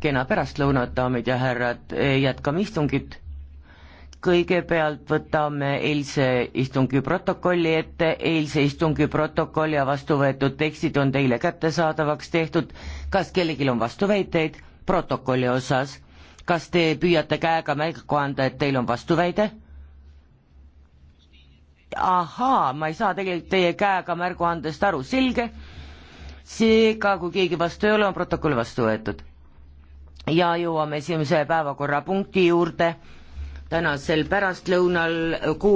kena pärastlõunat, daamid ja härrad, eh, jätkame istungit. kõigepealt võtame eilse istungi protokolli ette, eilse istungi protokoll ja vastu võetud tekstid on teile kättesaadavaks tehtud. kas kellelgi on vastuväiteid protokolli osas? kas te püüate käega märku anda, et teil on vastuväide? ahaa, ma ei saa tegelikult teie käega märgu andest aru, selge seega, kui keegi vastu ei ole, on protokoll vastu võetud. ja jõuame esimese päevakorrapunkti juurde tänasel pärastlõunal kuul-.